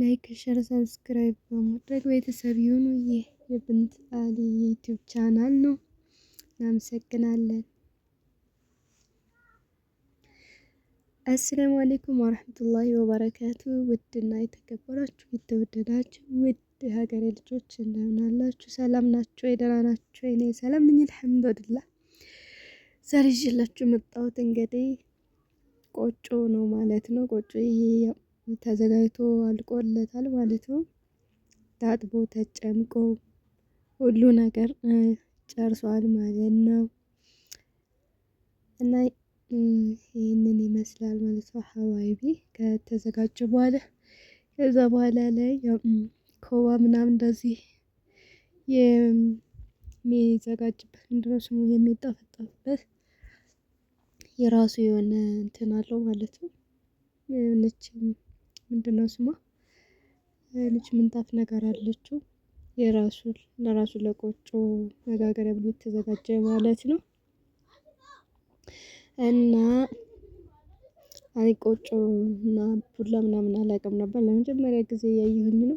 ላይክ፣ ሸር፣ ሰብስክራይብ በማድረግ ቤተሰብ ይሁኑ። ይህ የብንት አሊ የዩቲዩብ ቻናል ነው። እናመሰግናለን። አሰላሙ አሌይኩም ወረህመቱላሂ ወበረካቱ። ውድና የተከበራችሁ የተወደዳችሁ ውድ የሀገሬ ልጆች እንደምን አላችሁ? ሰላም ናችሁ? የደህና ናችሁ? እኔ ሰላም ነኝ አልሐምዱሊላህ። ዛሬ ይዤላችሁ መጣሁት እንግዲህ ቆጮ ነው ማለት ነው። ቆጮ ይሄ ያው ተዘጋጅቶ አልቆለታል ማለት ነው። ታጥቦ ተጨምቆ ሁሉ ነገር ጨርሷል ማለት ነው። እና ይህንን ይመስላል ማለት ነው ሀዋይቢ ከተዘጋጀ በኋላ ከዛ በኋላ ላይ ኮባ ምናምን እንደዚህ የሚዘጋጅበት ምንድነው ስሙ የሚጠፈጠፍበት የራሱ የሆነ እንትን አለው ማለት ነው። ምንድነው ስሟ ልጅ ምንጣፍ ነገር አለችው። የራሱ ለራሱ ለቆጮ መጋገሪያ ብሎ የተዘጋጀ ማለት ነው። እና አይ ቆጮ እና ቡላ ምናምን አላውቅም ነበር። ለመጀመሪያ ጊዜ እያየሁኝ ነው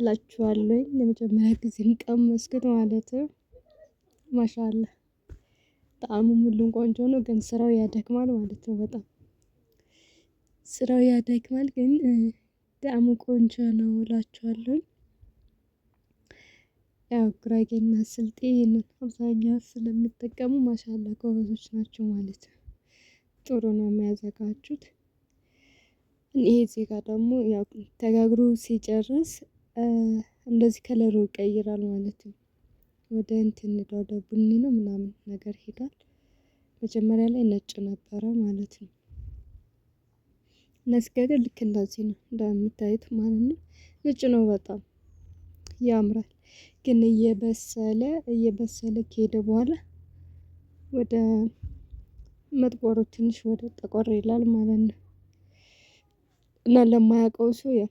እላችኋለኝ። ለመጀመሪያ ጊዜ ቀመስኩት ማለት ነው። ማሻአላ ጣዕሙ ሁሉም ቆንጆ ነው፣ ግን ስራው ያደክማል ማለት ነው በጣም ስራው ያደክማል፣ ግን ጣዕሙ ቆንጆ ነው እላችኋለሁ። ያው ጉራጌና ስልጤ ይህንን አብዛኛው ስለሚጠቀሙ ማሻላ ጎበዞች ናቸው ማለት ነው። ጥሩ ነው የሚያዘጋጁት። ይሄ ዜጋ ደግሞ ተጋግሮ ሲጨርስ እንደዚህ ከለሩ ይቀይራል ማለት ነው። ወደ እንትን ወደ ቡኒ ነው ምናምን ነገር ሄዷል። መጀመሪያ ላይ ነጭ ነበረ ማለት ነው። ነስገደ ልክ እንደዚህ ነው እንደምታዩት ማለት ነው። ነጭ ነው በጣም ያምራል። ግን እየበሰለ እየበሰለ ከሄደ በኋላ ወደ መጥቆሩ ትንሽ ወደ ጠቆር ይላል ማለት ነው። እና ለማያውቀው ሰው ያው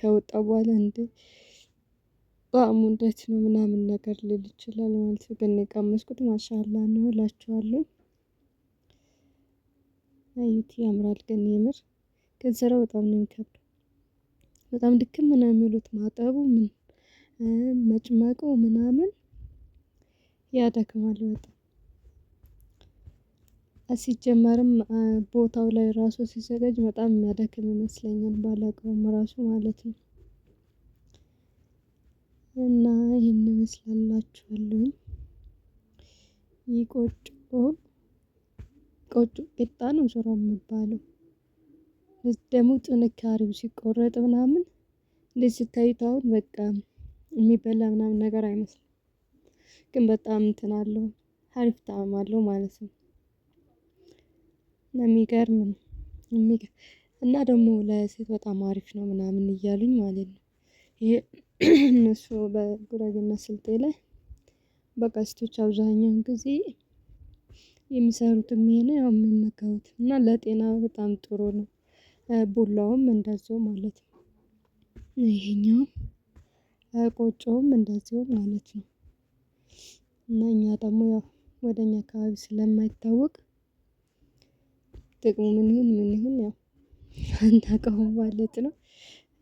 ከወጣ በኋላ እንደ ጣዕሙ እንዴት ነው ምናምን ነገር ሊል ይችላል ማለት ነው። ግን የቀመስኩት ማሻላ ነው እላችኋለሁ። አዩቲ ያምራል ግን የምር ግን ስራው በጣም ነው የሚከብደው። በጣም ድክም ነው የሚሉት ማጠቡ ምን መጭመቁ ምናምን ያደክማል በጣም። ሲጀመርም ቦታው ላይ ራሱ ሲዘጋጅ በጣም የሚያደክም ይመስለኛል ባላቀውም ራሱ ማለት ነው። እና ይህን ይመስላላችኋለሁ ይቆጮ በቃዎቹ ቂጣ ነው ዞሮ የሚባለው። ደግሞ ጥንካሬው ሲቆረጥ ምናምን እንደዚህ ስታዩት አሁን በቃ የሚበላ ምናምን ነገር አይመስልም፣ ግን በጣም እንትን አለው ሀሪፍ ጣዕም አለው ማለት ነው። የሚገርም ነው የሚገርም እና ደግሞ ለሴት በጣም አሪፍ ነው ምናምን እያሉኝ ማለት ነው። ይሄ እነሱ በጉራጌና ስልጤ ላይ በቃ ሴቶች አብዛኛውን ጊዜ የሚሰሩትም ይሄን ያው የሚመገቡት እና ለጤና በጣም ጥሩ ነው። ቡላውም እንደዚሁ ማለት ነው። ይሄኛውም ቆጮውም እንደዚሁ ማለት ነው። እና እኛ ደግሞ ያው ወደ እኛ አካባቢ ስለማይታወቅ ጥቅሙ ምን ይሁን ምን ይሁን ያው አናውቀውም ማለት ነው።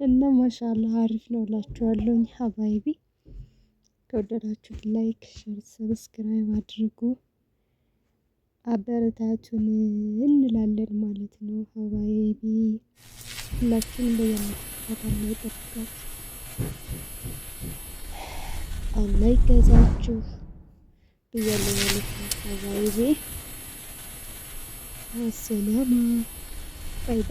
እና ማሻላ አሪፍ ነው እላችኋለሁኝ ሀባይቢ ከወደዳችሁት ላይክ ሸር፣ ሰብስክራይብ አድርጉ አበረታቱን እንላለን ማለት ነው። ሀባይቢ ሁላችን በያላችሁበት አላህ ይጠብቃችሁ፣ አላህ ይገዛችሁ ብያለሁ ማለት ነው። ሀባይቢ አሰላማ ባይ